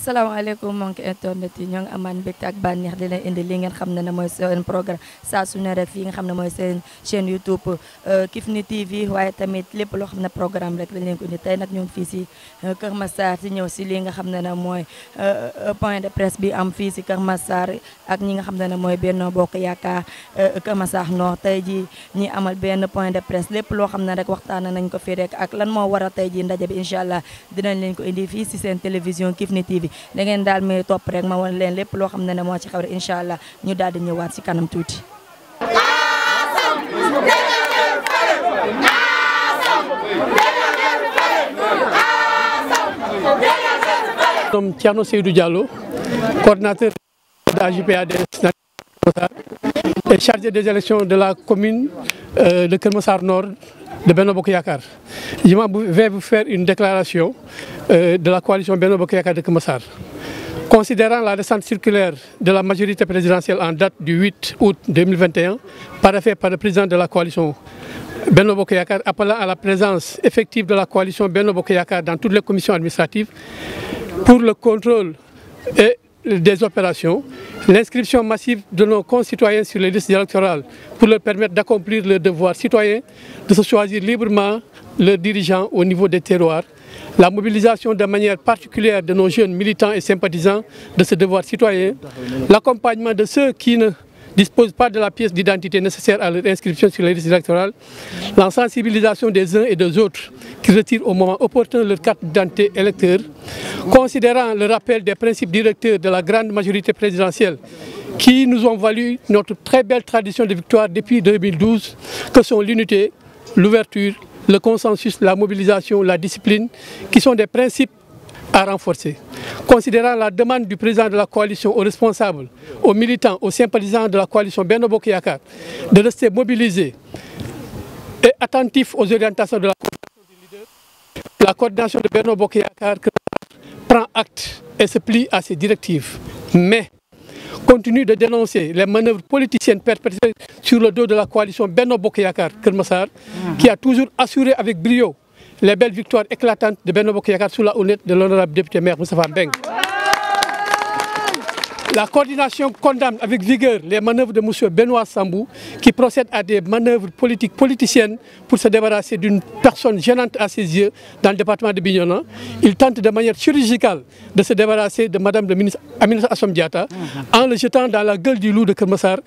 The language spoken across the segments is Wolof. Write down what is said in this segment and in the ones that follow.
salaamaaleykum moom internet yi ñoo ngi amaan mbégte ak bànneex di leen indi li ngeen xam ne ne mooy seen programme saa su ne rek fii nga xam ne mooy seen chaîne YouTube euh, Kifne TV waaye tamit lépp loo xam ne programme rek dañ leen ko indi tey nag ñu ngi fii si euh, Kër Massar si ñëw si li nga xam ne ne mooy euh, point de presse bi am fii si Kër Massar ak ñi nga xam ne ne mooy Benno Bokk Yaakaar Kër Massar Nord tey ji ñi amal benn point de presse lépp loo xam ne rek waxtaan nañ ko fii rek ak lan moo war a tey ji ndaje bi incha allah dinañ leen ko indi fii si seen télévision Kifne TV gi da ngeen daal may topp rek ma wan leen lépp loo xam ne ne moo ci xew rek incha allah ñu daal di ñëwaat si kanam tuuti. Ceerno Seydou Diallo coordinateur d'AJPADS chargé des élections de la commune euh, de kermosar Nord de Benobok Yakar. Je vais vous faire une déclaration euh, de la coalition Benobok de Kermosar. Considérant la récente circulaire de la majorité présidentielle en date du 8 août 2021, paraffée par le président de la coalition Benobok Yakar, appelant à la présence effective de la coalition Benobok Yakar dans toutes les commissions administratives pour le contrôle et des opérations, l'inscription massive de nos concitoyens sur les listes électorales pour leur permettre d'accomplir leur devoir citoyen, de se choisir librement leurs dirigeants au niveau des terroirs, la mobilisation de manière particulière de nos jeunes militants et sympathisants de ce devoir citoyen, l'accompagnement de ceux qui ne disposent pas de la pièce d'identité nécessaire à leur inscription sur les listes électorales, la sensibilisation des uns et des autres qui retirent au moment opportun leur carte d'identité électeur, considérant le rappel des principes directeurs de la grande majorité présidentielle qui nous ont valu notre très belle tradition de victoire depuis 2012, que sont l'unité, l'ouverture, le consensus, la mobilisation, la discipline, qui sont des principes à renforcer. Considérant la demande du président de la coalition aux responsables, aux militants, aux sympathisants de la coalition Bernobok Yakar de rester mobilisés et attentifs aux orientations de la coordination la coordination de prend acte et se plie à ses directives. Mais continue de dénoncer les manœuvres politiciennes perpétrées sur le dos de la coalition Benno Yakar Kermassar, qui a toujours assuré avec brio les belles victoires éclatantes de Benobo Bokeyakar sous la houlette de l'honorable député maire Moussa Mbeng. La coordination condamne avec vigueur les manœuvres de M. Benoît Sambou qui procède à des manœuvres politiques politiciennes pour se débarrasser d'une personne gênante à ses yeux dans le département de Bignona. Il tente de manière chirurgicale de se débarrasser de Mme le ministre Aminata mhm. en le jetant dans la gueule du loup de Kermassar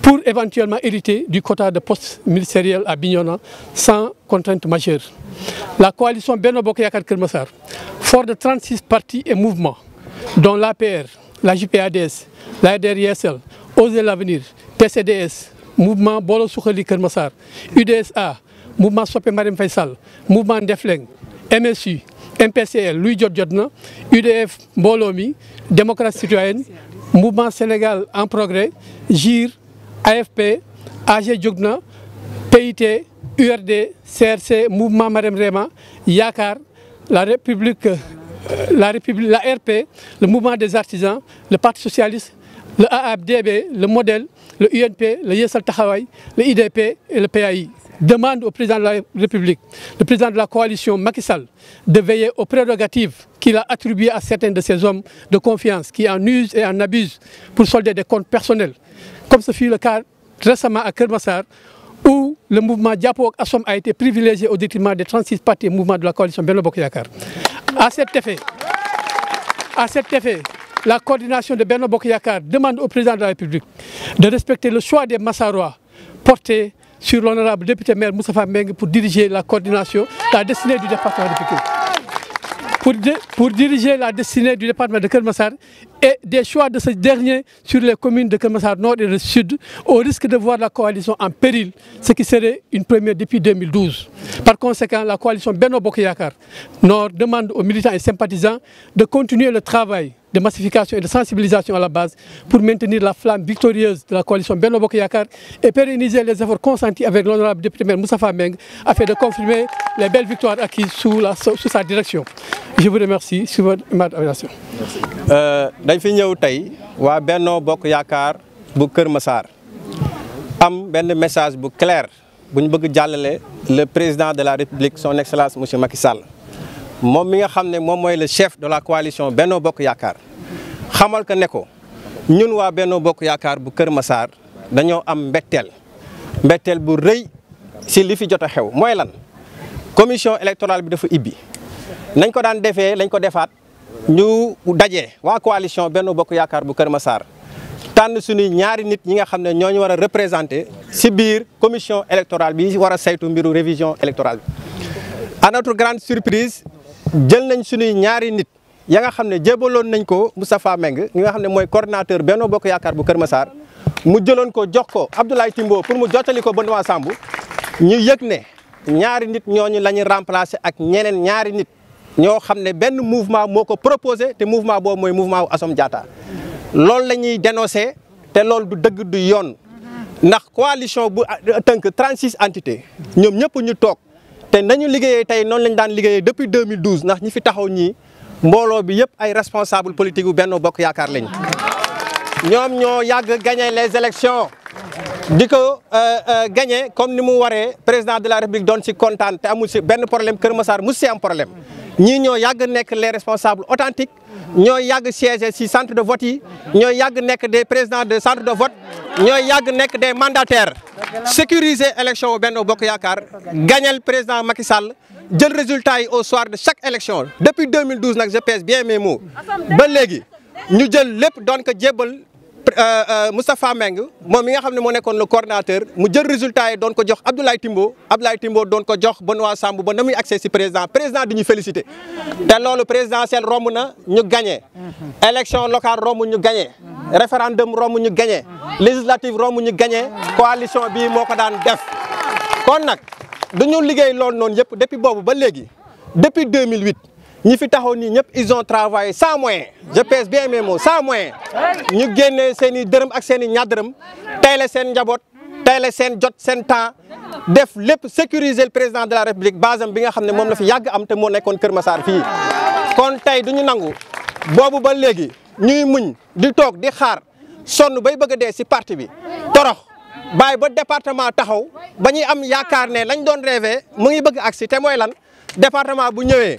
pour éventuellement hériter du quota de poste ministériel à Bignona sans contrainte majeure. La coalition Benoît Bokayakar Kermassar, fort de 36 partis et mouvements, dont l'APR, la JPADS, la DRISL, Oser l'Avenir, TCDS, Mouvement Bolo Soukhali Kermassar, UDSA, Mouvement Sopé Marim Faisal, Mouvement Defleng, MSU, MPCL, Louis Djordjordna, UDF Bolomi, Démocratie Citoyenne, Mouvement Sénégal en Progrès, GIR, AFP, AG Djougna, PIT, URD, CRC, Mouvement marim Réma, Yakar, la République euh, la la RP, le mouvement des artisans, le Parti socialiste, le AABDB, le modèle, le UNP, le Yesal Tahawai, le IDP et le PAI demandent au président de la République, le président de la coalition Macky de veiller aux prérogatives qu'il a attribuées à certains de ses hommes de confiance qui en usent et en abusent pour solder des comptes personnels, comme ce fut le cas récemment à Kermassar, où le mouvement Diapo Assom a été privilégié au détriment des 36 partis et mouvements de la coalition Benobo Yakar. À cet effet, à cet effet la coordination de Bernard Bokyakar demande au président de la République de respecter le choix des Massarois porté sur l'honorable député maire Moussa Meng pour diriger la coordination, la destinée du département de pour, diriger la destinée du département de Kermassar et des choix de ce dernier sur les communes de Kermassar Nord et de Sud, au risque de voir la coalition en péril, ce qui serait une première depuis 2012. Par conséquent, la coalition Beno Bokeyakar Nord demande aux militants et sympathisants de continuer le travail de massification et de sensibilisation à la base pour maintenir la flamme victorieuse de la coalition Bello Yakar et pérenniser les efforts consentis avec l'honorable député maire Moussa Meng afin de confirmer les belles victoires acquises sous, la, sous sa direction. Je vous remercie sur votre admiration. Merci. Euh, Benno Bokk Yakar bu Massar am benn message clair pour le président de la République son excellence monsieur Macky Sall mom mi nga xamné mom moy le chef de la coalition Benno Bokk yakar xamal ko neko ñun wa Benno Bokk yakar bu Kër Massar dañoo am mbettel mbettel bu reuy ci li fi jotta xew moy lan commission électorale bi dafa ibbi nañ ko daan défé lañ ko defaat ñu dajé wa coalition Benno Bokk yakar bu Kër Massar tànn suñuy ñaari nit yi nga xamné ñoo ñu war biir commission électorale bi war a saytu mbiru révision électorale bi à notre grande surprise jël nañ suñuy ñaari nit ya nga xam ne jébaloon nañ ko Moustapha Meng mi nga xam ne mooy coordinateur benn Bokk Yaakaar bu Kër Massar mu jëloon ko jox ko Abdoulaye Timbo pour mu jottali ko Benoît Sambou ñu yëg ne ñaari nit ñooñu la ñu remplacer ak ñeneen ñaari nit ñoo xam ne benn mouvement moo ko proposé te mouvement boobu mooy mouvement wu Assome Diatta loolu la ñuy dénoncé te loolu du dëgg du yoon ndax coalition bu tënk 36 entités ñoom ñëpp ñu toog. te nañu liggéeyee depuis 2012 ndax ñi fi taxaw ñii mbooloo bi yëpp ay responsable politique bu Benno Bokk Yaakaar lañu ñoom ñoo gagné les élections di ko euh, euh, gagné comme ni mu waree président de la république donne ci content, te amul ci benn problème Kër Massar mu ci am problème nous avons les responsables authentiques sommes sièges sièges ci centre de vote nous sommes les des présidents de centre de vote nous sommes les des mandataires sécuriser l'élection au Benno Bokk gagner le président Macky Sall le résultat au soir de chaque élection depuis 2012 je pèse bien mes mots avons nous ñu jël lépp euh, euh, Moustapha Meng moom mi nga xam ne moo le coordinateur mu jël résultat yi doon ko jox Abdoulaye Timbo Abdoulaye Timbo doon ko jox Benoît Sambou ba na muy accès président président di ñu félicité te loolu présidentiel romb na ñu gagné élection locale romb ñu gagné référendum romb ñu gagné législative romb ñu gagné coalition bi, moo ko daan def kon nag dañu liggéey loolu depuis boobu ba depuis 2008 ni fi taxaw ni ñëpp ils ont travaillé sans moyen je pèse bien mes mots sans moyen ñu génnee seen i dërëm ak seen i ñaar dërëm tey la seen njaboot tey la seen jot seen temps def lépp sécuriser le président de la république basam bi nga xam ne moom la fi yàgg am te moo nekkoon Kër Massar fii kon tey du ñu nangu boobu ba léegi ñuy muñ di toog di xaar sonn bay bëgg a dee si parti bi torox bàyyi ba département taxaw ba ñuy am yaakaar ne lañ doon rêvé mu ngi bëgg agsi te mooy lan département bu ñëwee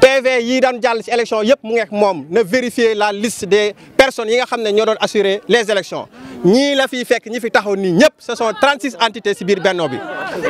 PV yi daan jàll ci élection yëpp mu ngeek moom na vérifier la liste des personnes yi nga xam ñoo doon assurer les élections ñii la fi fekk ñi fi taxaw nii ñëpp ce sont 36 entités ci bir Benno bi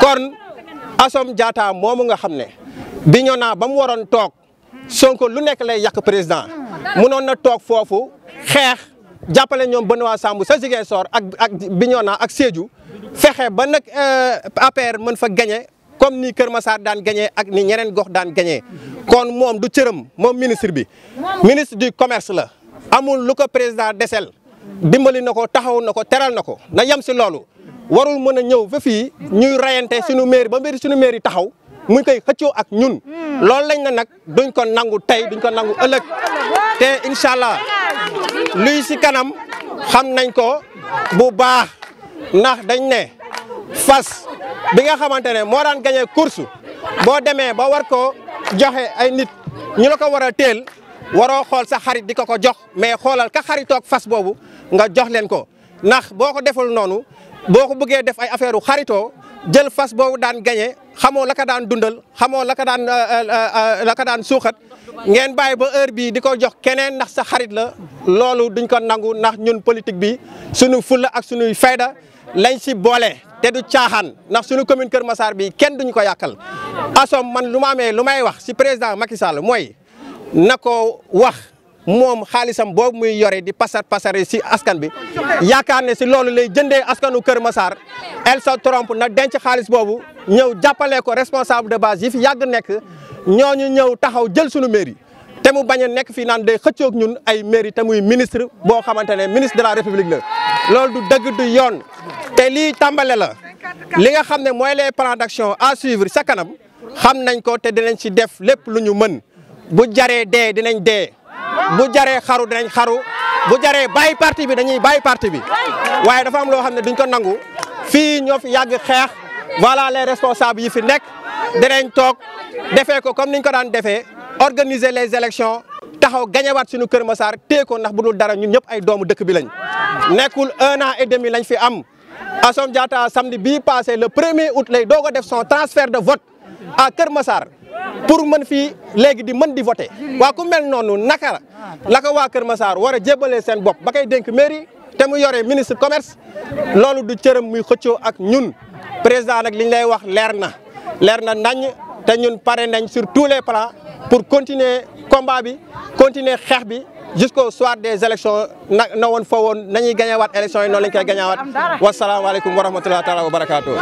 kon assom Diatta mom nga xamné ne Bignona ba mu waroon Sonko lu nek lay yak président munoon na toog foofu xeex jàppale ñoom Benoît sambu sa Ziguinchor ak ak Bignona ak sédju fexé ba nag euh, APR mën fa gagner comme ni Kër Massar daan gañee ak ni ñeneen gox daan gañee kon moom du cëram moom ministre bi ministre du commerce la amul lu ko président desel dimbali na ko taxaw na ko teral na ko na yem si loolu warul mën a ñëw fa fii ñuy rayante suñu mairie ba mbir suñu mairie taxaw mu koy xëccoo ak ñun loolu lañ ne nag duñ ko nangu tey duñ ko nangu ëllëg te incha allah luy si kanam xam nañ ko bu baax ndax dañ ne fas bi nga xamante ne moo daan gagné course boo demee ba war ko joxe ay nit ñu la ko war a teel waroo xool sa xarit di ko ko jox mais xoolal ka xaritoog fas boobu nga jox leen ko ndax boo ko deful noonu boo ko bëggee def ay affaire u xaritoo jël fas boobu daan gagné xamoo la ka daan dundal xamoo la ka daan euh, euh, euh, la ka daan suuxat ngeen bàyyi ba heure bii di ko jox keneen ndax sa xarit la loolu duñ ko nangu ndax ñun politique bi suñu fulla ak suñu fayda lañ si boole te du caaxaan ndax suñu commune kër masaar bi kenn duñ ko yàqal asom man lu ma amee lu may wax si président Macky Sall mooy na ko wax moom xaalisam boobu muy yore di pasar pasare si askan bi yakaar ne si loolu lay jëndee askanu Kër Massar elle se trompe na denc xaalis boobu ñëw jàppale ko responsable de base yi fi yàgg nekk ñooñu ñëw taxaw jël sunu mairie te mu bañ a nekk fii naan day xëccoog ñun ay mairie te muy ministre boo xamante ne ministre de la république la loolu du dëgg du yoon te lii tàmbale la li nga xam ne mooy les plans d'action à suivre sa kanam xam nañ ko te dinañ si def lépp lu ñu mën bu jaree dee dinañ dee bu jaree xaru dinañ xaru bu jaré baye parti bi dañuy baye parti bi waaye dafa am lo xamné duñ ko nangu fi ñoo fi yàgg xeex voilà les responsables yi fi nekk dinañ tok défé ko comme niñ ko daan défé organiser les élections taxaw wat suñu Kër Massar téye ko nak bu dul dara ñun ñëpp ay doomu dëkk bi lañ nekkul 1 an et demi lañ fi am Assom Diatta samedi bi passé le premier août lay dogo def son transfert de vote à Kër Massar pour man fi légui di man di voter Wa ku mel nonou nakara ah, la ko waa Kër Massar wara djebale sen bop bakay denk mairie te mu yoré ministre commerce lolou du cëram muy xëccoo ak ñun président nak liñ lay wax leer na nañ te ñun paré nañ sur tous les plans pour continuer combat bi continuer xex bi jusqu'au soir des élections na na woon fa woon nañuy élections yi non lañ koy gañawaat wasalaamaaleykum wa rahmatulah taala wa barakaatu.